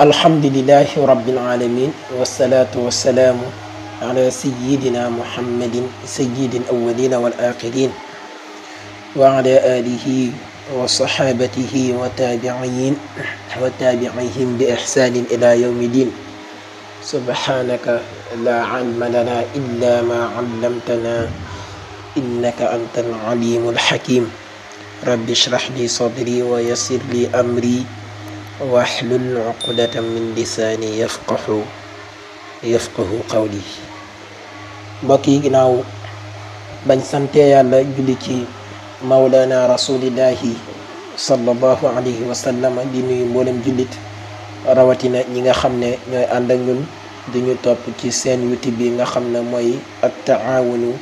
الحمد لله رب العالمين والصلاة والسلام على سيدنا محمد سيد الأولين والآخرين وعلى آله وصحابته وتابعين وتابعيهم بإحسان إلى يوم الدين سبحانك لا علم لنا إلا ما علمتنا إنك أنت العليم الحكيم رب اشرح لي صدري ويسر لي أمري waxlul uqdatam min lisaani yafqahu yafqahu qawli mbokk yi ginnaaw bañ sante yàlla julli ci mawlana rasulillahi sallallahu alayhi wa sallam di nuyu mboolem jullit rawatina ñi nga xam ne ñooy ànd ak ñun di topp ci seen youtube bi nga xam ne mooy ak taawunu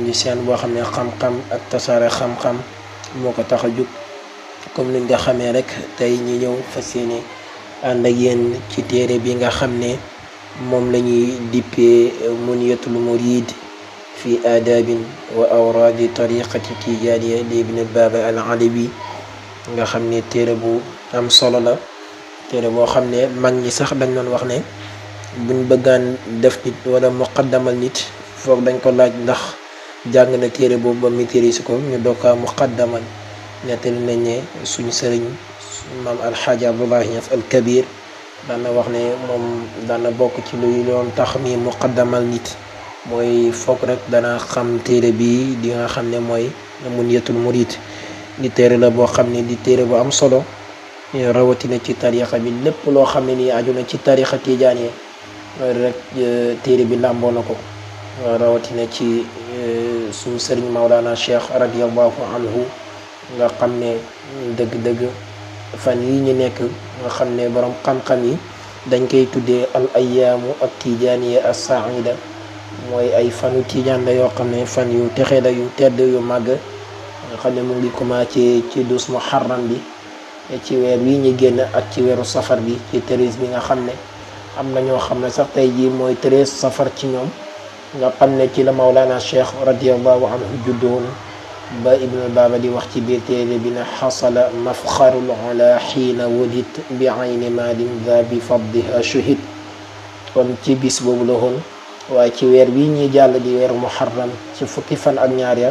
di seen boo xam ne xam-xam ak tasaare xam-xam moo ko tax a jóg comme niñ nga xamé rek tay ñi ñëw fas ànd ak yéen ci téré bi nga xamné mom lañuy dippé ñuy dippee murid fi adab wa awrad tariqati tijaaniya li ibn baba al alibi nga xamné téré bu am solo la téré bo xamné mag ñi sax dañ doon wax ne buñ bëggaan def nit wala muqaddamal nit foog dañ ko laaj ndax jàng na téere boobu ba maîtrise ko ñu doog muqaddamal nettali nañ ne suñu sëriñ maam alxaaji abdullahi ñas al kabir daan na wax ne moom daan na bokk ci luy doon tax ni muqaddamal nit mooy foog rek dana xam téere bi di nga xam ne mooy mun yetul murid di téere la boo xam ne di téere bu am solo rawatina ci tarixa bi lépp loo xam ne nii aju na ci tarixa tijaan yi rek téere bi làmboo na ko rawatina ci suñu sëriñ Mawlana Cheikh radiallahu anhu nga xam ne dëgg-dëgg fan yi ñu nekk nga xam ne boroom xam-xam yi dañ koy tuddee al ayaamu ak tijaaniya as saida mooy ay fanu tijaan la yoo xam ne fan yu texe la yu tedd yu màgg nga xam ne mu ngi commencé ci dus muharram bi ci weer wi ñu génn ak ci weeru safar bi ci treize bi nga xam ne am na ñoo xam ne sax tey jii mooy treize safar ci ñoom nga xam ne ci la Maulana Cheikh radiyallahu anhu juddoon ba ibnul baaba di wax ci biir téere bi ne xasala mafxarul ala xiina wulid bi ayni maalin da bi fadliha shuhid kon ci bis boobu la woon waaye ci weer bii ñuy jàll di weeru muharram ci fukki fan ak ñaar ya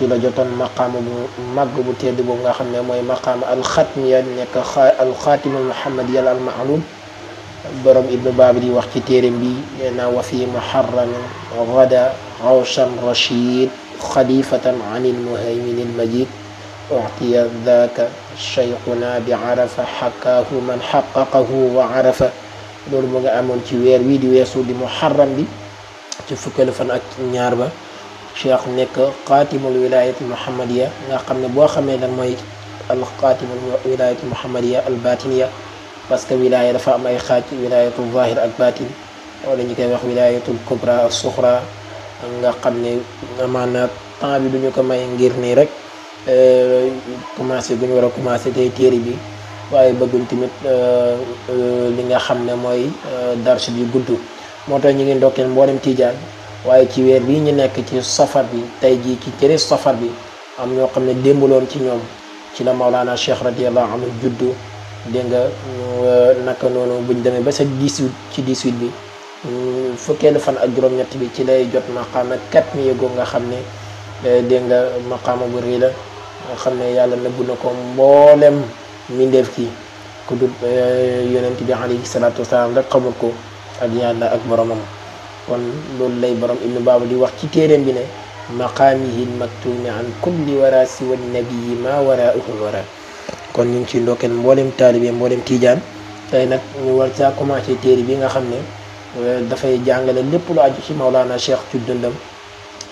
ci la jotoon maqam bu mag bu tedd boobu nga xam ne mooy maqaama alxatmiya nekk alxaatimul muhammadiyal almaalum borom ibnu baaba di wax ci téere bi nee na wa fi muharramin gada rawshan rashid خليفة عن المهيمن المجيد أعطي ذاك شيخنا بعرفة حكاه من حققه وعرف loolu mu nga amoon ci weer wii di weesu di muharram bi ci fukkeelu fan ak ñaar ba cheikh nekk xaatimul wilayati muhammadiya nga xam ne boo xamee lan mooy al xaatimul wilayati muhammadiya al batiniya parce que wilaya dafa am ay xaaj wilayatul zahir ak batin wala ñu koy wax wilayatul kubra al suxra nga xam ne amaana temps bi duñu ko may ngir nii rek euh, commencé gu ñu war a commencé tey téere bi waaye bëgguñ tamit euh, euh, li nga xam ne mooy darsu bi gudd moo tax ñu ngi ndokkeel mboolem tiijaan waaye ci weer bii ñu nekk ci safar bi tey jii ci cëre safar bi am ñoo xam ne démb démbaloon ci ñoom ci la Maulana Cheikh radiyallahu anhu juddu dégg nga naka noonu buñ demee ba sa 18 ci 18 bi Mm, fukkeelu fan ak juróom-ñett bi ci lay jot maqaama kat mi yëgoo nga xam ne eh, dégg nga maqaama bu rëy nga xam ne yàlla nëbb na ko mboolem mindeef ki ku dul eh, yonent bi alayhi salaatu wasalaam rek xamul ko ak yàlla ak boromam kon loolu lay borom ibnu baaba di wax ci téeréem bi ne maqaamihil maktuumi an kulli wara si wan nabii ma wara uhul wara kon ñu ngi ciy ndokkeel mboolem taalibe mboolem tiijaan tey nag ñu war caa commencé téere bi nga xam ne dafay jàngale lépp lu aju ci Maulana Cheikh ci dundam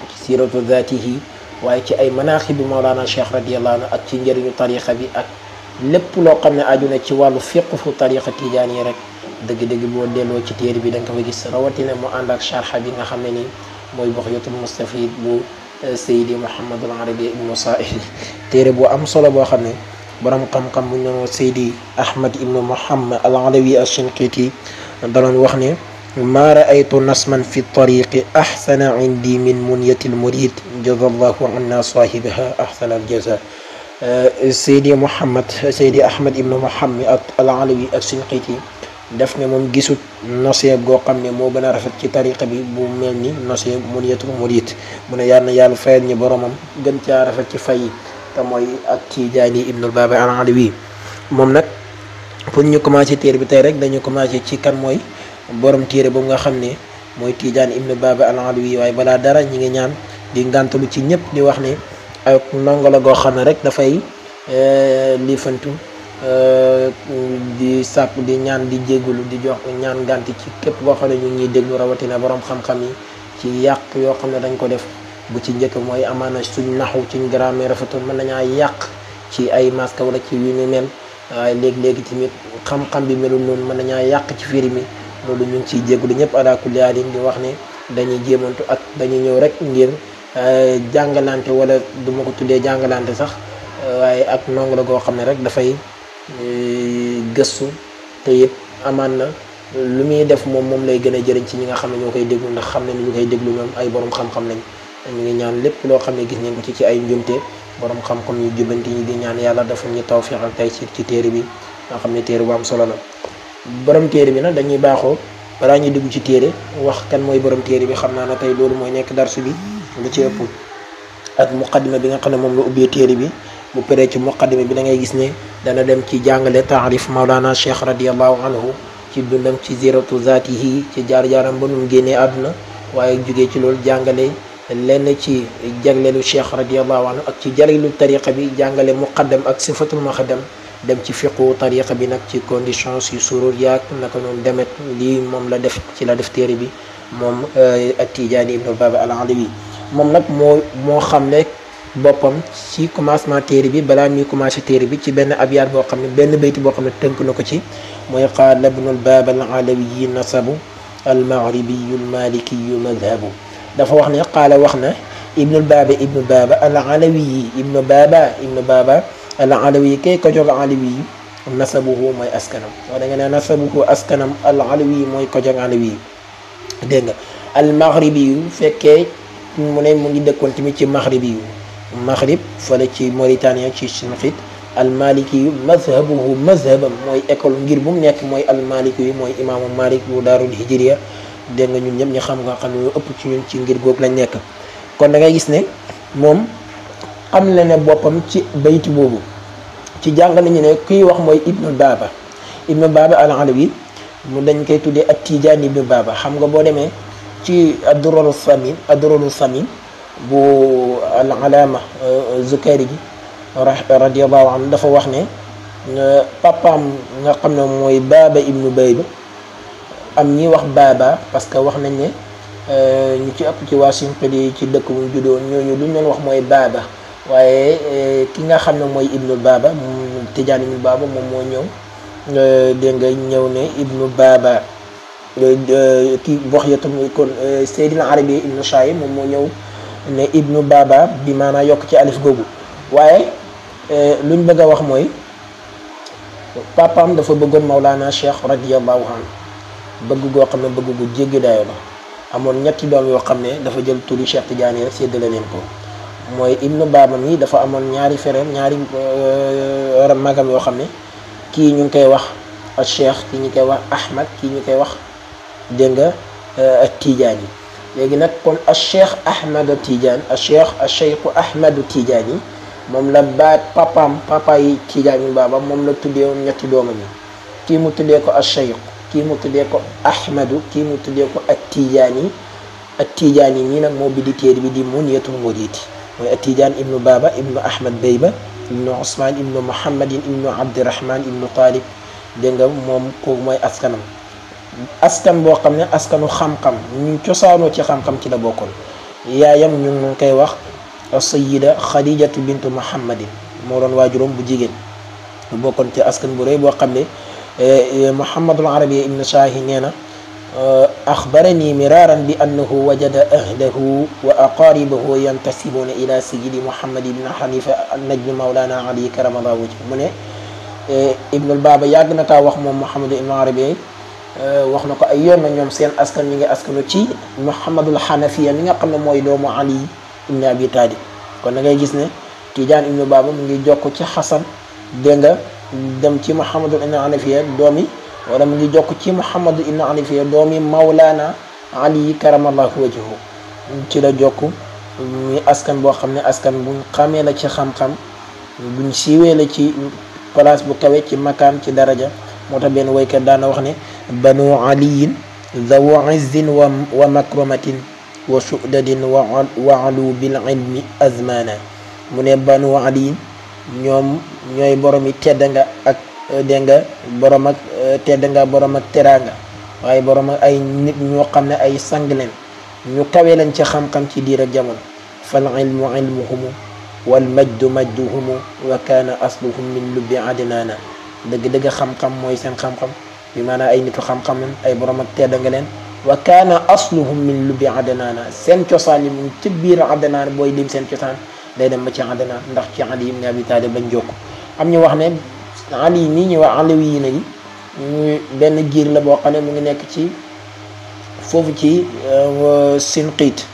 ci siratu zatihi waaye ci ay manaaxibu Maulana Cheikh radiyallahu anhu ak ci njëriñu tarixa bi ak lépp loo xam ne aju na ci wàllu fiqhu tarixa tijaan yi rek dëgg-dëgg boo delloo ci téere bi da ko gis rawatina mu ànd ak charxa bi nga xam ni mooy buxyatul mustafid bu Seydi Mouhamadul Arabi ibnu Sa'id téere bu am solo boo xam borom xam-xam bu ñu doon Seydi Ahmad ibn muhammad al Alawi al Shinqiti daloon wax ne. ما رأيت نصما في الطريق أحسن عندي من منية المريد جزا الله عنا صاحبها أحسن الجزاء آه، سيدي محمد سيدي أحمد ابن محمد العلوي السنقيتي دفن من جسد نصيب جو قمني مو بنا رفت كي طريق نصيب منية المريد من يارنا يال فايني برمم جنت يارفت كي فاي تموي جاني ابن الباب العلوي ممنك فنيو كما تير بتيرك دنيو كما تير كان موي boroom téere boobu nga xam ne mooy Tiijaan ibnu Baaba al-Alawi waaye balaa dara ñi ngi ñaan di ngantalu ci ñëpp di wax ne ak ndongo la goo xam ne rek dafay e, liifantu e, di sàpp di ñaan di jégalu di jox ñaan ngànt ci képp koo xam ne ñu ngi déglu rawatina boroom xam-xam yi ci yàq yoo xam ne dañ ko def bu ci njëkk mooy amaana suñ naxu ci grammaire rafetul mën nañaa yàq ci ay masque wala ci yu ni mel waaye léegi-léegi tamit xam-xam bi melul noonu mën nañaa yàq ci firi mi loolu ñu ngi ciy jégalu ñëpp ala kulli haalin di wax ni dañuy jéemantu ak dañuy ñëw rek ngir euh, jàngalante wala duma ko tuddee jàngalante sax euh, waaye ak ndongo la goo xam ne rek dafay euh, gëstu te it amaan na lu muy def moom moom lay gën a jëriñ ci ñi nga xam ne ñoo koy déglu ndax xam ne ñu koy déglu ñoom ay borom xam-xam lañ ñu ñaan lépp loo xam ne gis ngeen ko ci ci ay njumte borom xam-xam yu jubanti ñi di ñaan yàlla dafa ñu tawfeexal tey ci ci téere bi nga xam ne téere bu am solo la. borom téere bi nag dañuy baaxoo balaa ñuy dugg ci téere wax kan mooy borom téere bi xam naa na tey loolu mooy nekk darsu bi nga ci ëpp ak muqaddima bi nga xam ne moom la ubbee téere bi bu paree ci muqaddima bi da ngay gis ne dana dem ci jàngale taarif Maulana Cheikh radiallahu anhu ci dundam ci ziratu zaatihi ci jaar-jaaram ba nu mu génnee àdduna waaye jógee ci loolu jàngale lenn ci jagleelu Cheikh radiallahu anhu ak ci jagleelu tariqa bi jàngale muqaddam ak sifatul muqaddam dem ci fiqo tariqa bi nak ci conditions yu surur yak nak non demet li mom la def ci la def tere bi moom Atijaani ibn baba al Alawi mom nak mo mo xamne bopam ci commencement tere bi bala muy commencé tere bi ci ben abyar bo xamne ben beyti bo xamne teunk nako ci moy qala ibn al baba al Alawi nasabu al maghribi al maliki madhabu dafa wax ne qaala wax na Ibnul Baabi Ibnu Baaba al Alawi ibn baba, ibn baba العلوي كي كجر علوي نسبه ماي أسكنم ودعنا نسبه أسكنم العلوي ماي كجر علوي دعنا المغربي فكي من مجد كنت مي المغربي المغرب فلتي موريتانيا تشين فيت المالكي مذهبه مذهب ماي أكل غير بوم نيك ماي المالكي ماي إمام مالك ودار الهجرية دعنا نجيب نخام غا كانوا أبتشين تشين غير بوك لنيك كنا جايس نه مم am la ne boppam ci bayti boobu ci jàng nañu ne kuy wax mooy ibnu baaba ibnu baaba al alawi mu dañ koy tuddee ak tijaan ibnu baaba xam nga boo demee ci addurolu samin addurolu samin bu al alaama euh, gi radiallahu anhu dafa wax ne papaam nga xam ne mooy baaba ibnu bayba am ñi wax baaba parce que wax nañ ne euh, ñu ci ëpp ci waa sinqidi ci dëkk bu ñu juddoo ñooñu lu ñu leen wax mooy baaba waaye eh, ki nga xam ne mooy ibnu baaba moom tijaan ibnu baaba moom moo ñëw eh, dégg nga ñëw ne ibnu baaba eh, ki wax ya tam kon Seydil Arabi ibnu Shayi moom moo ñëw ne ibnu baaba bi maanaa yokk ci alif googu waaye luñ bëgg a wax mooy papaam dafa bëggoon Maulana Cheikh radiyallahu anhu bëgg goo xam ne bëgg gu jéggi dayo la amoon ñetti doom yoo xam ne dafa jël turu Cheikh Tidiane rek séddale neen ko mooy ibnu baaba mi dafa amoon ñaari fereem ñaari euh, magam yoo xam ne kii ñu ngi koy wax al cheikh kii ñu koy wax ahmad kii ñu koy wax dégg nga euh, ak tiijaan yi léegi nag comme a cheikh ahmad tiijaan al cheikh al cheikhu ahmadu tiijaan yi moom la baat papaam papa yi tiijaan yu baaba moom la tuddee woon ñetti doomam yi kii mu tuddee ko al cheikh kii mu tuddee ko ahmadu kii mu tuddee ko ak tiijaan yi ak tiijaan yi nii nag moo bidi téer bi di mun yetul muriiti وأتيجان ابن بابا ابن أحمد بيبا ابن عثمان ابن محمد ابن عبد الرحمن ابن طالب دينغا موم كو ماي اسكانم اسكان بو خامني اسكانو خامخام ني تشوسانو تي خامخام تي لا بوكول يايام ني نون كاي واخ السيده خديجه بنت محمد مودون واجوروم بو جيجين بوكون تي اسكان بو ري بو خامني محمد العربي ابن شاهي نينا axbarani miraran bi annahu wajada ahlahu wa aqaribahu yantasibuna ila sayidi muhammad ibn hanifa najmi mawlana ali karamallahu wajh mu ne ibnul baaba yàgg na taa wax moom muhammadu ibn arabi wax na ko ay yoon na ñoom seen askan mi ngi askanu ci muhammadul xanafiya mi nga xam ne mooy doomu ali ibn abi kon da ngay gis ne tijaan ibnul baaba mu ngi jokk ci xasan dégg nga dem ci muhammadul ibn hanafiya doomi wala mu ngi jokk ci Muhammad ibn Ali doomi Mawlana Ali karamallahu wajhu ci la jokk muy askan boo xam ne askan buñ xamee la ci xam-xam buñ siiwee la ci place bu kawe ci makaam ci daraja moo tax benn woykat daana wax ne banu aliyin zawu izzin wa wa makramatin wa sudadin wa waalu bil ilmi mu ne banu aliyin ñoom ñooy boromi tedda nga ak denga borom ak tedd nga borom ak teranga waaye borom ay nit ñu xamne ay sang leen ñu kawe lañ ci xam-xam ci diir ak jamono fal ilmu ilmuhum wal majd majduhum wa kana asluhum min lubbi adnana deug deug xam-xam moy seen xam-xam bi mana ay nitu xam-xam ay borom ak tedd nga leen wa kana asluhum min lubbi adnana seen cosaan mu ci biir adnana boy dim seen ciosan day dem ci adnana ndax ci adim ibn abi lañ jokk am ñu wax ne ali ni nii ñuy wax alawi yi nañu muy benn giir la bo xam mu ngi nekk ci fofu ci sinqit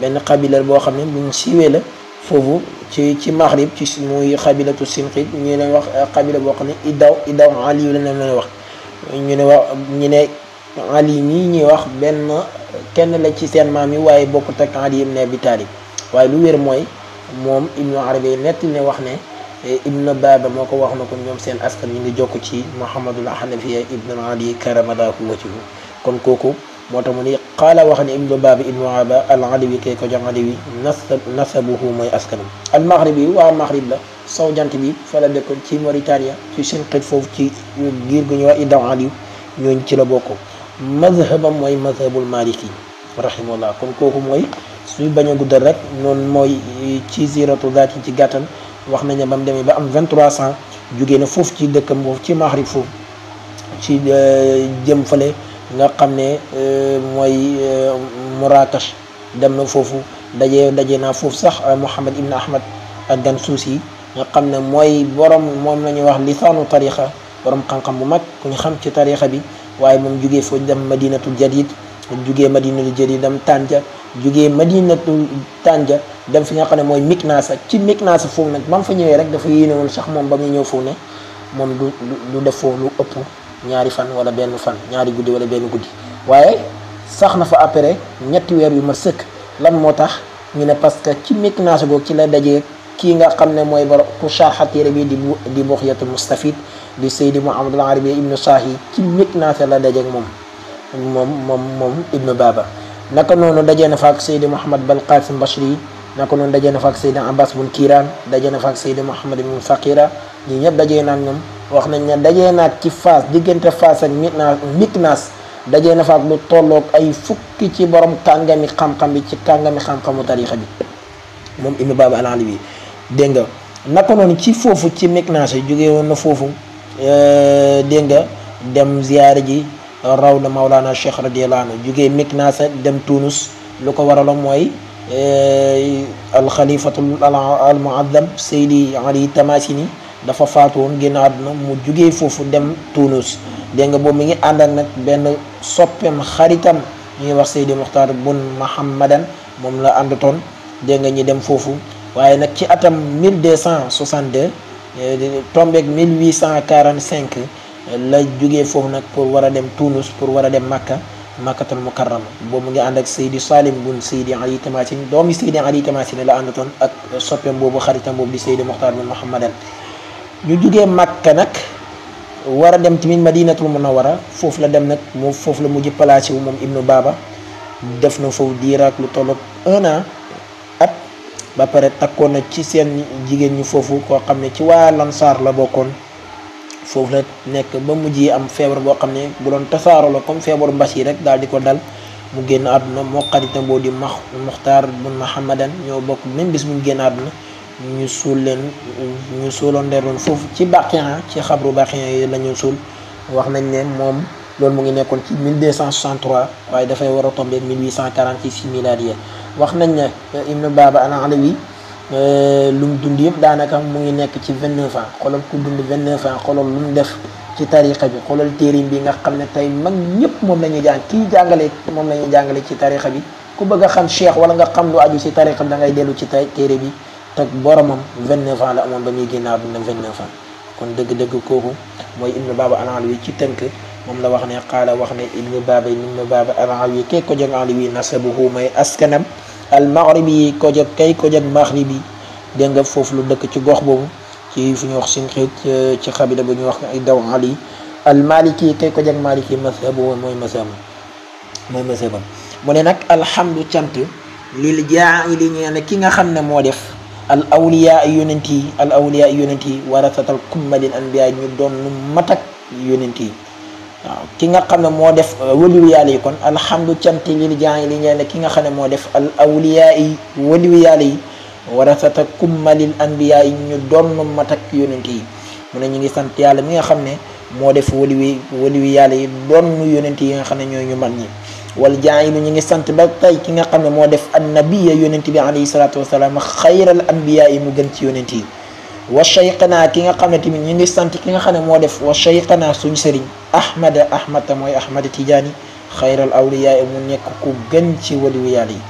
ben qabila bo xamné mu ngi siwé la fofu ci ci maghrib ci moy qabilatu sinqit ñu lay wax qabila bo xamné idaw idaw ali la ñu lay wax ñu ne wax ñu ne ali ni ñi wax ben kenn la ci seen mam yi waaye bokkut ak ali ibn abi taalib waye lu wér moy mom ibnu arabiy nett ne wax ne ibnu baaba moo ko wax na ko ñoom seen askan ñu ngi jokk ci muhammadul hanafiya ibnu ali karamadahu wajhu kon kooku moo tax mu ni qaala wax ni ibnu baaba ibnu aba al aliwi kay ko jox aliwi nasab nasabuhu mooy askanam al maghribi waa maghrib la sow jant bi fa la dëkkoon ci Mauritania ci seen xit foofu ci giir gu ñu wax idaw aliw ñooñ ci la bokk mazhabam mooy mazhabul maliki rahimahullah kon kooku mooy suñu bañ a guddal rek noonu mooy ci ziratu zaat yi ci gàttal wax nañ ne ba mu demee ba am 2300 jugee na foofu ci dëkkam boobu ci Maghrib foofu ci euh, jëm fale nga xam ne euh, mooy euh, Marrakech dem na foofu daje daje naa foofu sax Mouhamed Ibn Ahmad ad-Dansusi nga xam ne mooy borom moom la ñuy wax lisaanu tarixa borom xam-xam bu mag ku xam ci tarixa bi waaye moom jugee foofu dem madinatul jadid jugee madinatul jëri dem tànja jugee madinatul tànja dem fi nga xam ne mooy Miknaasa ci Miknaasa foofu nag man fa ñëwee rek dafa yéene woon sax moom ba muy ñëw foofu ne moom du du def foofu lu ëpp ñaari fan wala benn fan ñaari guddi wala benn guddi waaye sax na fa après ñetti weer yu ma sëkk lan moo tax ñu ne parce que ci Miknaasa googu ci la dajee kii nga xam ne mooy borom ku sarxa téere bi di di Buxyatul Mustafid di Seydi Muhammadul Arabi ibnu Saahi ci Miknaasa la dajeeg moom moom moom moom ibnu baba naka noonu dajee na fa ak saydi muhammad bal qasim bashri naka noonu dajee na fa ak saydi abbas bun kiiraan dajee na fa ak saydi muhammad ibn faqira ñii ñëpp dajee naak wax nañ ne dajee naak ci faas diggante faas ak miknaas miknaas dajee na fa ak lu tolloog ay fukki ci borom kàngami xam-xam bi ci kàngami xam-xamu tarixa bi moom ibnu baba al alawi dégg naka noonu ci foofu ci miknaas yi jógee na foofu euh, dégg nga dem ziyaare ji راونا مولانا الشيخ رضي الله عنه جوغي مكناسه دم تونس لوكو وارالو موي الخليفه المعظم سيدي علي تماسيني دا فا فاتون ген ادنا مو جوغي فوفو دم تونس ديغا بو ميغي اندان نك بن سوبم خريتام ني واخ سيدي مختار بن محمدان موم لا اندتون ديغا ني دم فوفو واي نك سي اتام 1262 تومبيك 1845 la jógee foofu nag pour war a dem Tuunus pour war a dem Makka Makkatul Mukarrama boobu mu ngi ànd ak Seydi Salim bun Seydi Ali Tamasin doomi Seydi Ali Tamasin la àndatoon ak soppeem boobu xaritam boobu di Seydi Muxtaar bin Muhammadan ñu jógee Makka nag war a dem tamit Madinatul Munawwara foofu la dem nag moom foofu la mujj placé wu moom Ibnu Baaba def na foofu diiraak lu tolloog un an at ba pare takkoon na ci seen jigéen ñi foofu koo xam ne ci waa Lansaar la bokkoon. foofu la nekk ba mujj am feebar boo xam ne bu doon tasaaroo la comme feebaru mbas yi rek daal di ko dal mu génn àdduna moo xaritam boo di max muxtaar bun mahamadan ñoo bokk même bis mu génn àdduna ñu suul leen ñu suuloon ndeeroon foofu ci Baqiya ci xabru Baqiya yi la ñu suul wax nañ ne moom loolu mu ngi nekkoon ci 1263 waaye dafay war a tombé 1846 milaadiya wax nañ ne Ibn Baba al Eh, lu mu dund yëpp daanaka mu ngi nekk ci vingt neuf ans xoolal ku dund vingt neuf ans xoolal lu mu def ci tariqa bi xoolal téerim bi nga xam ne tey mag ñëpp moom la ñuy jàng kii jàngale moom la ñuy jàngale ci tariqa bi ku bëgg xam cheikh wala nga xam lu aju ci tariqa da ngay dellu ci tay téere bi teg boromam vingt neuf ans la amoon ba muy génnaaw dund vingt neuf ans kon dëgg-dëgg kooku mooy ibnu baaba alawi ci tënk moom la wax ne xaala wax ne ibnu baaba ibnu baaba alawi kee ko jëngaali wi nasabuhu may askanam المغربي كوجك كاي كوجك مغربي دنجا فوف لو دك تي غوخ بوم تي فيني واخ سينخيت تي خابيله بني واخ اي داو علي المالكي كاي كوجك مالكي مذهب هو موي مذهب موي مذهب موني نك الحمد تانت للجاعل ني انا كيغا خامني مو ديف الاولياء يونتي الاولياء يونتي ورثه الكمل الانبياء ني دوم نو ماتك يونتي waaw ki nga xam ne moo def euh, waliwu yàlla yi kon alhamdu cant lil jaay li ñeel ne ki nga xam ne moo def al awliyaa yi waliwu yàlla yi warasata kumma lil anbiyaa yi ñu doon mat ak yonent yi mu ne ñu ngi sant yàlla mi nga xam ne moo def waliwu waliwu yàlla yi doon yonent yi nga xam ne ñooy ñu mag ñi wal jaay ñu ngi sant ba tey ki nga xam ne moo def annabiya yonent bi alayhi salaatu wasalaam xayral anbiyaa yi mu gën ci yonent yi wa cheyqanaa ki nga xam ne tamit ñu ngi sant ki nga xam ne moo def wa cheyqanaa suñu sëriñ ahmada ahmada mooy ahmada tijaani xayral awliyaa mu nekk ku gën ci waliwu yàlla yi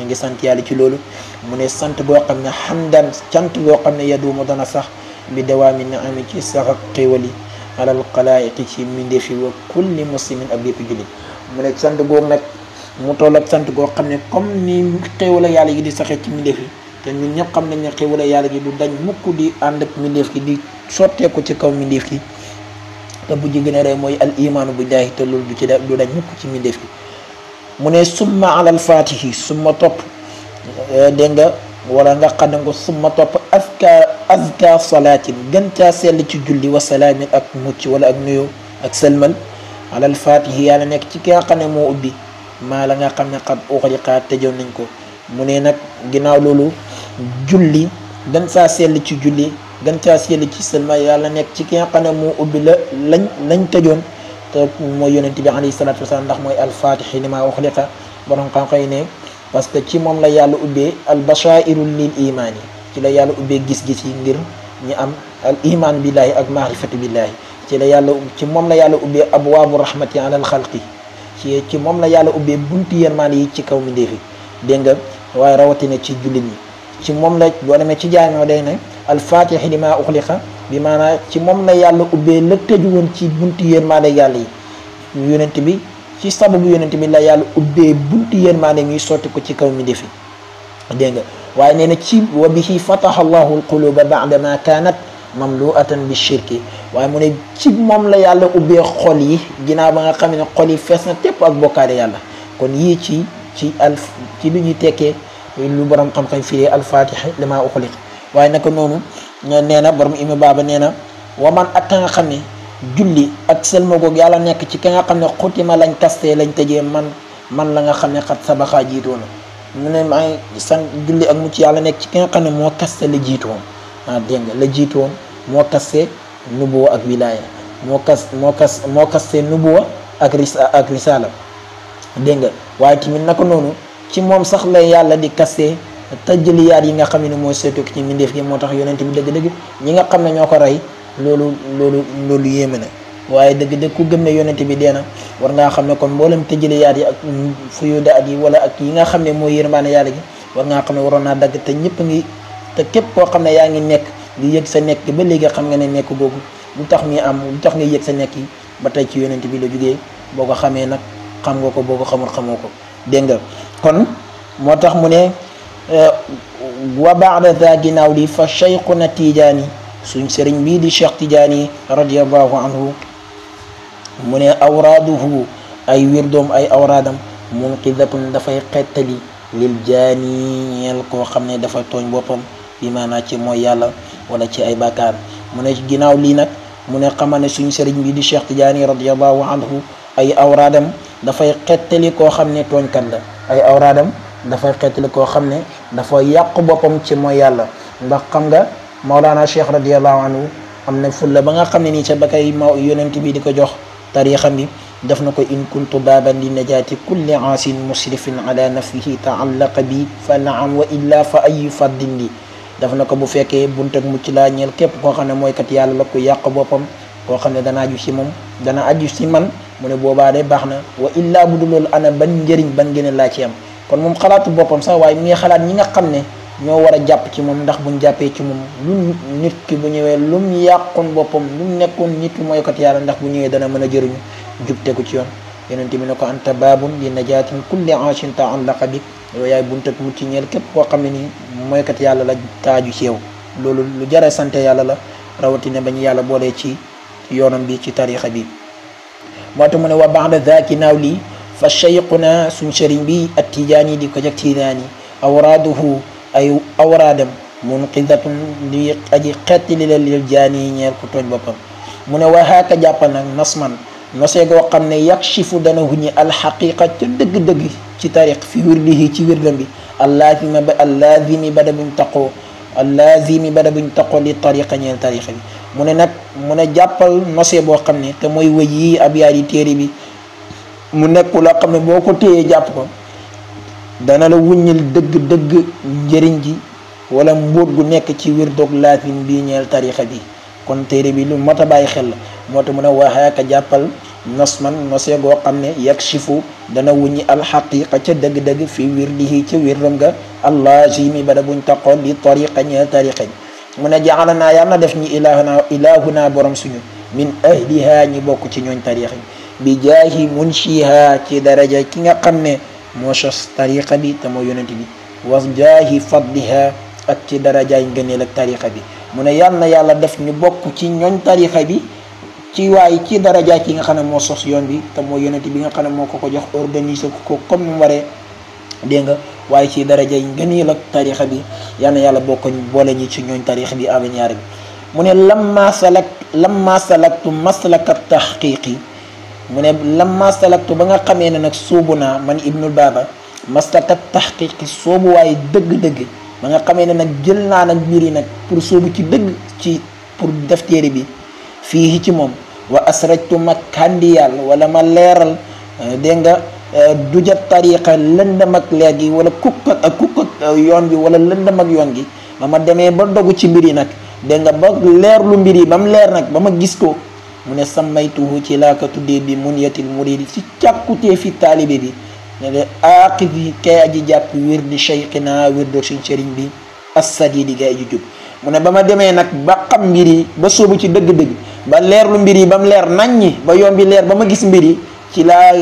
ñu ngi sant yàlla ci loolu mu ne sant boo xam ne xamdan cant boo xam ne yaduuma dana sax bi dawaami na ami ci sax ak xéwali alal xalaayiqi ci mindeefi wa kulli muslimin ak bépp jullit mu ne sant goog nag mu toll ak sant goo xam ne comme ni xéwala yàlla yi di saxee ci mindeefi te ñun ñëpp xam nañ ne xéwala yàlla gi du dañ mukk di ànd ak mbindeef gi di sotteeku ci kaw mbindeef gi te bu ji gën a rey mooy al imaanu bu daahi te loolu du ci da du dañ mukk ci mbindeef gi mu ne summa alal fatihi summa topp dégg nga wala nga xam ne ko summa topp azka azka salaatin gën caa sell ci julli wa salaamin ak mucc wala ak nuyoo ak sëlmal alal fatihi yàlla nekk ci ki nga xam ne moo ubbi maa la nga xam ne xat uxriqaat tëjoon nañ ko mu ne nag ginnaaw loolu julli dañ saa sel ci julli dañ saa sel ci sëlma yàlla nek ci ki xana mo ubbi la lañ lañ tejon te mo yonenti bi alayhi salaatu wasalaam ndax moy al fatih maa uxliqa borom xam-xam yi ne parce que ci mom la yàlla ubbe al albashairu lil imani ci la yàlla ubbe gis-gis yi ngir ñi am al iman billahi ak maarifatu billahi ci la yàlla ci mom la yàlla ubbe abwaabu rahmati ala al khalqi ci ci mom la yàlla ubbe bunti yërmaan yi ci kaw mi defi dégg nga rawati rawatina ci jullit ñi ci mom la boo demé ci jaay ma day ne al fatih lima ukhliqa bi mana ci mom la yàlla ubbee le tëju won ci bunti mané yàlla yi yonent bi ci sababu yonent bi la yàlla ubbee bunti mané mi soti ko ci kaw mi defi dégg nga waaye nee na ci wa bihi fataha allah al alquluba bada ma kanat mamluatan bi shirk waye mo ne ci mom la yàlla ubbee xol yi gina ba nga xamné xol yi fess na tépp ak bokkaale yàlla kon yi ci ci al ci luñu tekké lu borom xam-xam firee alfaatixa li maa uxuliq waaye naka noonu nee na borom ima baaba nee na waman ak ka nga xam ne julli ak selma goog yàlla nekk ci ki nga xam ne xutima lañ kastee lañ tëjee man man la nga xam ne xat sabaxaa jiitoon mu san julli ak mucc yàlla nekk ci ki nga xam ne moo kaste la jiitoon ah dégg nga la jiitoon moo ak wilaaya moo kas moo kas moo kaste nubuwa ak risa ak risala dégg nga waaye tamit naka ci mom sax la yalla di kasse tëjliyaat yi nga xamni ne setu ci mindeef gi motax yonent bi deug deug ñi nga xamne ñoko ray lolu lolu lolu loolu loolu yéeme na waaye dëgg-dëgg ku gemne yonent bi deena war nga xamne kon mboolem tëjliyaat yi ak fuyudaat yi wala ak yi nga xamne ne yermane yalla gi war nga xamne warona dag te ñepp ngi te kep ko xamne ne ngi nekk di yegg sa nekk ba legi xam nga ne nekk googu lu tax mi am lu tax nga yegg sa nekk yi ba tay ci yonent bi la joge boko xame nak xam nga ko boko xamul xamoko dégg nga kon moo tax mu ne euh, wa baada da ginnaaw li fa cheikhuna tijaani suñ sëriñ bii di cheikh tijaani radiallahu anhu mu ne awraaduhu ay wirdoom ay awraadam munqidatun dafay xettali lil jaani ñeel koo xam ne dafa tooñ boppam bi maanaa ci mooy yàlla wala ci ay bàkkaar mu ne ginnaaw lii nag mu ne xamal ne suñ sëriñ bii di cheikh tijaani radiallahu anhu ay awraadam dafay xettali koo xam ne tooñkat la ay awraadam dafay xettali koo xam ne dafa yàq boppam ci mooy yàlla ndax xam nga Maulana Cheikh radiallahu anhu am fulla ba nga xam ne nii ca ba yonent bi di jox tarixam bi def na in kuntu baaban li najaati kulli aasin musrifin ala nafsihi taallaqa bi fa naam wa illa fa ayu fardin li daf na ko bu fekkee bunt ak mucc laa ñeel képp koo xam ne kat yàlla la yàq boppam koo xam dana aju si moom dana aju si man mu ne boobaa de baax na wa illaa bu dul loolu ana ban njëriñ ban gën laa ci am kon moom xalaatu boppam sax waaye mi ngi xalaat ñi nga xam ne ñoo war a jàpp ci moom ndax buñ jàppee ci moom lu nit ki bu ñëwee lum yàqoon boppam lum nekkoon nit ki mooy ndax bu ñëwee dana mën a jëriñu jubte ko ci yoon yonent bi ne ko anta baabun li najaatin kulli anchin taallaqa bik yow yaay bunt ak mucc ñeel képp koo xam ne nii mooy kat yàlla la taaju ci yow loolu lu jare sante yàlla la rawatina ba ñu yàlla boolee ci yoonam bi ci tariixa bi moo tax mu ne wa ba'da zaaki naaw lii fa cheyquna suñ sëriñ bi at tijaani di ko jag tijaani awraaduhu ay awraadam munqidatun di aji xetti li la lil jaani ñeer ku tooñ boppam mu ne wa haaka jàppal nag nasman nosee goo xam ne yakshifu dana huñi alxaqiqa ca dëgg-dëgg ci tariq fi wirdihi ci wirdam bi allaazima ba allaazimi bada buñ taqoo allaazimi bada buñ taqoo li tariqa ñeel tariqa bi mu ne nag mu ne jàppal nosé boo xam ne te mooy wëj yi ab yaay téere bi mu nekk loo xam ne boo ko téyee jàpp ko dana la wuññil dëgg-dëgg njëriñ ji wala mbóot gu nekk ci wiir doog laatin bii ñeel tarixa bi kon téere bi lu mat a bàyyi xel la moo tax mu ne waxaaka jàppal nos man nosé goo xam ne yag shifu dana wuññi alxaqiqa ca dëgg-dëgg fii wir dihi ca wiram ga allah jimi bada buñ taqoon di tariqa ñeel tarixa bi mu ne jaxala naa yàlla na def ñi ilaahuna ilaahuna borom suñu min ahliha ñi bokk ci ñooñ tariqa bi bi jaahi munshiha ci daraja ki nga xam ne moo sos tariqa bi te moo yonent bi was jaahi fadliha ak ci darajaay ngëneel ak tariqa bi mu ne yàlla yàlla def ñu bokk ci ñooñ tariqa bi ci waaye ci darajaay ki nga xam ne moo sos yoon bi te moo yonent bi nga xam ne moo ko ko jox organiser ko comme ni mu waree dégg nga waaye ci daraja yi ngëneel ak tarixa bi yal yàlla bokk boole ñi ci ñooñ tarixa bi amin yaa mu ne lamma salak lamma salaktu maslaka tahqiqi mu ne lamma salaktu ba nga xamee ne nag soobu naa man ibnul baaba maslaka tahqiqi soobu waaye dëgg-dëgg ba nga xamee na nag jël naa nag mbir yi nag pour soobu ci dëgg ci pour def téere bi fii ci moom wa asrajtu ma kàndi wala ma leeral dégg Eh, du ja tariqa lëndëm ak leer gi wala kukk ak kukk eh, yoon bi wala lëndëm ak yoon gi ba ma demee ba dogu ci mbir yi nag dégg nga ba leer lu mbir yi ba mu leer nag ba ma gis ko mu ne sammaytuhu ci laa ko tuddee bi munyatil muridi ci càkkutee fi taalibe bi ne de aaqif yi kay aji jàpp wirdi cheikhina wirdo suñ sëriñ bi assad yi di gay mu ne ba ma demee nag ba xam ba sóobu ci dëgg ba leer lu mbir yi ba mu leer naññi ba yoon bi leer ba ma gis mbir yi ci laa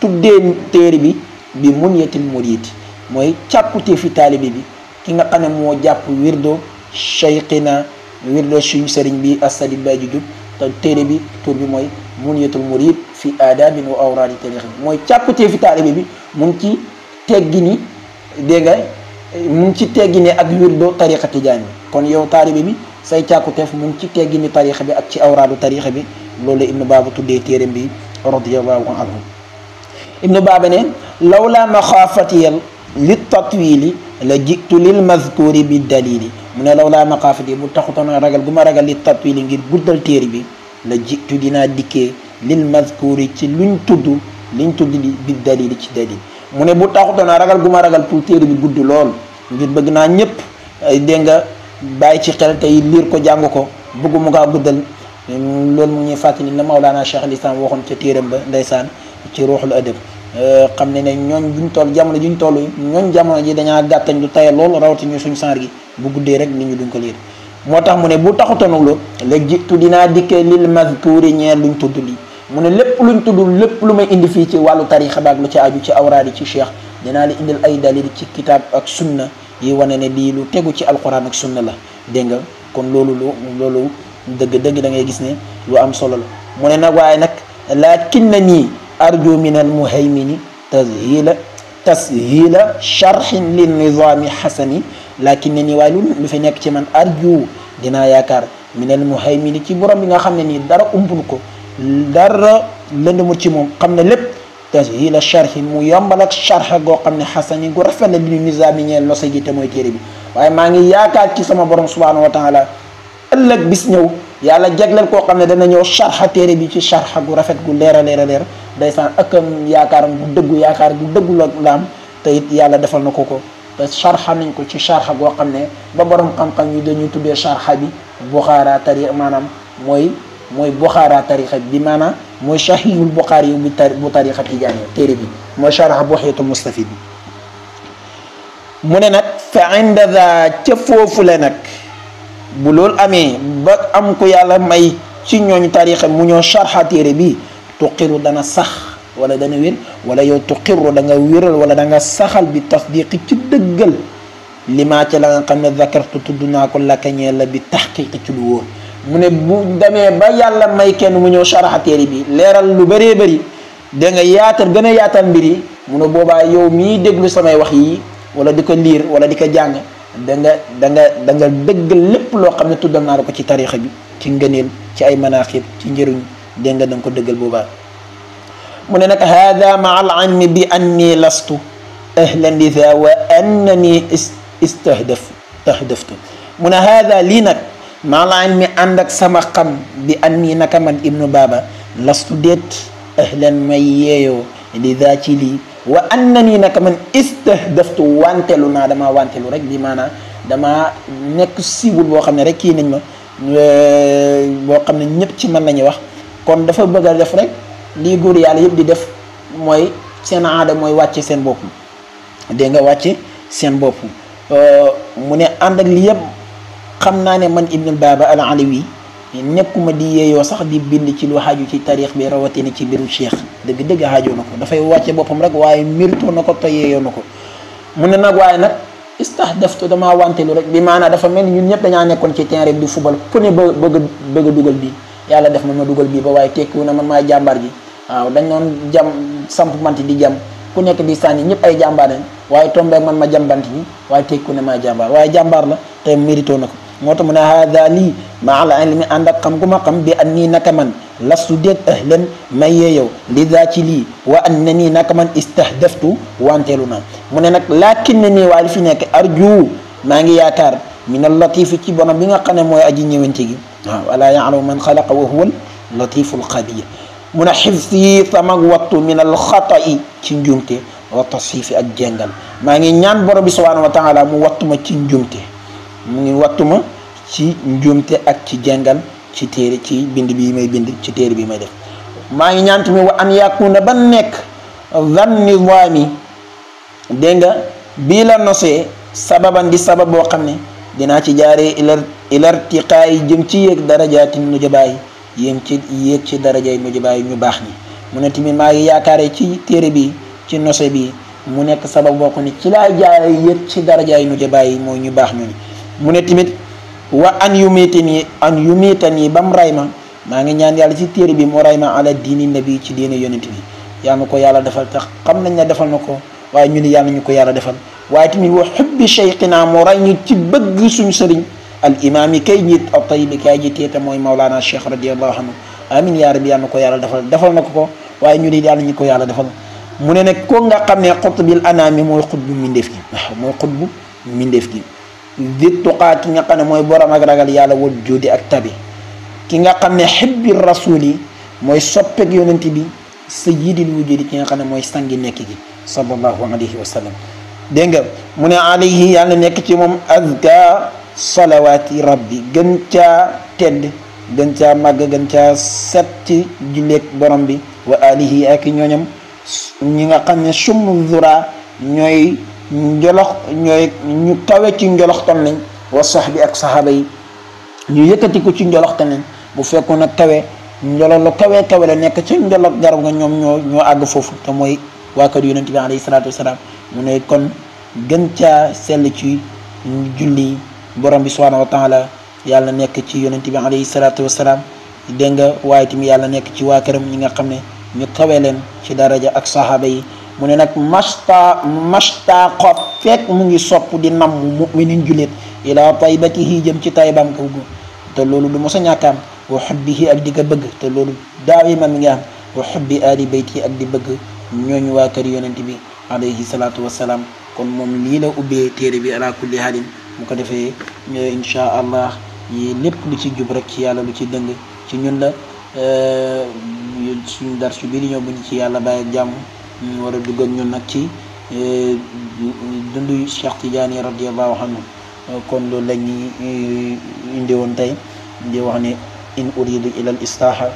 tuddee téere bi bi mun yetil muriid mooy càpputee fi taalibi bi ki nga xam ne moo jàpp wirdo cheikhina wirdo suñu sëriñ bi asadi baji jub téere bi tur bi mooy mun yetul muriid fi aadaabin wa awraadi tariix bi mooy càpputee fi taalibi bi mu ngi ci teggi ni dégg nga mu ci teggi ni ak wirdo tariixa bi kon yow taalibi bi say càkkuteef mu ngi ci teggi ni bi ak ci awraadu tariixa bi loolu ibnu baabu tuddee téere bi radiallahu anhu ibnu baaba ne lawla maxaafatiyal li tatwili la jitu lil mazkuri bi dalili mu ne lawla maxaafati bu taxutoon ragal gu ma ragal li tatwili ngir guddal téere bi la jitu dinaa dikkee lil mazkuri ci luñ tudd liñ tudd bi dalili ci dalil mu ne bu taxutoon ragal gu ma ragal pour téere bi gudd lool ngir bëgg naa ñëpp dégg nga bàyyi ci xel tey liir ko jàng ko bëggu mu kaa guddal loolu mu ñuy fàttali la Maulana Cheikh al Islam waxoon ca téeram ba ndeysaan ci ruuxul adab euh, xam ne ne ñooñ buñ toll jamono ñu toll ñooñ jamono ji dañaa gàttañ lu taye lool rawati ñu suñ sanr gi bu guddee rek nit ñu duñ ko liir moo tax mu ne bu taxutanu la léegi jiitu dinaa dikkee lil mazkuuri ñeen luñ tudd lii mu ne lépp luñ tudd lépp lu may indi fii ci wàllu tarixa baak lu ci aju ci awraad yi ci cheikh dinaa la indil ay dalil ci kitaab ak sunna yi wane ne lii lu tegu ci alquran ak sunna la dégg nga kon loolu lu loolu deug deug da ngay gis ne lu am solo la mu ne nag waaye nag laakin arju min al muhaymin tashila tashila sharh lin nizam hasan lakinnani na lu lu fi nekk ci man arju dina yakar min al muhaymin ci borom bi nga xamne ni dara umbul ko dara lëndëmul ci mom xamne lépp tashila sharh mu yombal ak charxa goo xam ne gu rafet la li nizaami ñeel nosa te moy téere bi waye ma ngi yakar ci sama borom subhanahu wa taala ëlëk bis ñëw yàlla jéglal ko xamné dana ñëw sharha téré bi ci sharha gu rafet gu léra léra leer a akam yaakaaram gu dëgg yaakar gu dëggu la lam te it yàlla defal nako ko ko te sharxa nañ ko ci sharha go xamné ba borom xam-xam ñu dañu tuddé sharha bi bukhara tariq manam moy moy bukhara tariq bi maanaam mooy sahihul buxaari yu bu bu tarixa tijaaniya téré bi moy sharha buxiyatul mustafid mune nak fa inda ci fofu le nak bu lol amé ba am ko yàlla may ci ñooñu tarixa mu ñoo sharha tere bi tuqiru dana sax wala dana wér wala yow tuqiru da nga wéral wala da nga saxal bi tasdiq ci dëggal limaa ci la nga xam ne zakartu tudd naa ko lakkañee la bi tahqiq ci lu woon mu ne bu démé ba yàlla may kenn mu ñoo sharha tere bi leral lu bëree bëri de nga yaatal gëna a yaatal mbir mu ne boba yow mi déglu samay wax yi wala diko lire wala diko jàng da danga da nga da nga lépp loo xam ne tuddal naa ko ci tariixa bi ci ngëneel ci ay manaaxib ci njëriñ dégg nga da nga ko dëggal boobaa mu ne nag hada maa al anni lastu ahlan li daa wa annani istahdaf tahdaftu mu ne hada lii nag maa al ànd ak sama xam bi anni naka man ibnu baaba lastu déet ahlan may yeeyoo li daa ci lii wa annani naka man istahdaftu wantelu naa damaa wanteelu rek bi maanaa dama nekk siibul boo xam ne rek kii nañ ma euh, boo xam ne ñëpp ci man la ñuy wax kon dafa bëgg a def rek lii góor yàlla yëpp di def mooy seen aada mooy wàcce seen bopp dégg nga wàcce seen bopp euh, mu ne ànd ak li yëpp xam naa ne man Ibn Baba al wii nekkuma di yeeyoo sax di bind ci lu xaaju ci taarix bi rawatina ci mbiru cheikh dëgg-dëgg xaajoo na ko dafay wàcce boppam rek waaye méritoo na ko te yeeyoo na ko mu ne nag waaye nag istahdaftu damaa ni ñun ñëpp dañaa nekkoon ci terrain du football ku ne bëgg bëgg a dugal bii ma dugal bii ba waaye tekkiwu na man maay jàmbaar gi waaw dañ doon jam samp bant di jam ku nekk di sànni ñëpp ay jàmbaar lañ waaye tombeek man ma jam bant bi waaye tekkiwu na maa jàmbaar waaye jàmbaar la te méritoo na ko moo tax mu ne hada lii ma al ilmi ànd ak xam gu ma xam bi an nii naka man lastu déet ahlan ma yeeyow li daa ci lii wa an na nii naka man istahdaftu wanteelu na mu ne nag laakin ne nii waaye li fi nekk arju maa ngi yaakaar min al latifi ci borom bi nga xam ne mooy aji ñëwante gi waaw wala yaalamu man xalaqa wa huwa al latifu al xabir mu ne xifsi sama wattu min al xata'i ci njumte wa tasifi ak jéngal maa ngi ñaan borom bi subhanahu wa taala mu wattu ma ci njumte mu ngi wattuma ci njuumte ak ci jàngal ci téere ci bind bi may bind ci téere bi may def maa ngi ñaan tamit wa yàqu na ba nekk van nizaami dégg nga bii la nosee sababan di sabab boo xam ne dinaa ci jaaree ilar ilartiqaayi jëm ci yéeg darajaatin nujabaay yéem ci yéeg ci darajaay nujabaay ñu baax ñi mu ne tamit maa ngi yaakaare ci téere bi ci nose bi mu nekk sabab boo xam ne ci laa jaaree yéeg ci darajaay nujabaay mooy ñu baax ñu ni mune timit wa an yumitini an yumitani bam rayma ma maa ngi ñaan yàlla ci téré bi mo rayma ala diini nabi ci diine yonent bi yàlla ko yàlla defal tax xam nañ la defal nako waye waaye ñu ni yàlla ñu ko yàlla defal waye timi wa hubbi shaykhina mo ray ñu ci bëgg suñu sëriñ al imam kay nit ab tayib kay jiitee te moy Maulana Cheikh radiallahu anhu amin ya rabbi ya na ko yàlla defal defal nako ko waye waaye ñu ni yàlla ñu ko yàlla defal mu ne ko nga xam qutbil anami moy qutbu xutbu gi waaw gi di tuqaati nga xam ne mooy borom ak ragal yàlla wal juudi ak tabi ki nga xam ne xibbi rasul mooy soppeek yonent bi sayyidil wujudi ki nga xam ne mooy sangi nekk gi sallallahu alayhi wa sallam dégg nga mu ne alayhi yàlla nekk ci moom azka salawaati rabbi gën caa tedd gën caa màgg gën caa set ci julleeg borom bi wa alihi ak ñooñam ñi nga xam ne sumu zura ñooy njolox ñooy ñu kawe ci tam nañ wa sax bi ak saxaaba yi ñu yëkkati ko ci njoloxtan lañ bu fekkoon nag kawe njolo lu kawe kawe la nekk ci njolo garab nga ñoom ñoo àgg foofu te mooy waa kër yonent bi alayhi salaatu wasalaam mu ne kon gën ca sell ci julli borom bi subhaanahu wa taala yàlla nekk ci yonent bi alayhi salaatu wasalaam dégg nga waaye tamit yàlla nekk ci waa këram ñi nga xam ne ñu kawe leen ci daraja ak saxaaba yi mu ne nag masta mastaqo fekk mu ngi sopp di nam namm muminin jullit ilaa taybatihi jëm ci taybam ko te loolu du mos a ñàkkaam wa xubbihi ak di ko bëgg te loolu daawiman mi ngi am wa xubbi aali bayti ak di bëgg ñooñu waa kër yonent bi alayhi wa wassalaam kon moom lii la ubbee téere bi ala kulli haalin mu ko defee eh, insha allah yii lépp lu ci jub rek ci yàlla lu ci dëng ci ñun la eh, suñu dar su bi di ñëw bu ñu ci yàlla bàyyi jàmm ñu war a dugg ak ñun nag ci e, dundu Cheikh Tidiane radiyallahu anhu kon loolu la ñuy e, indi tey wax ne in uridu ila al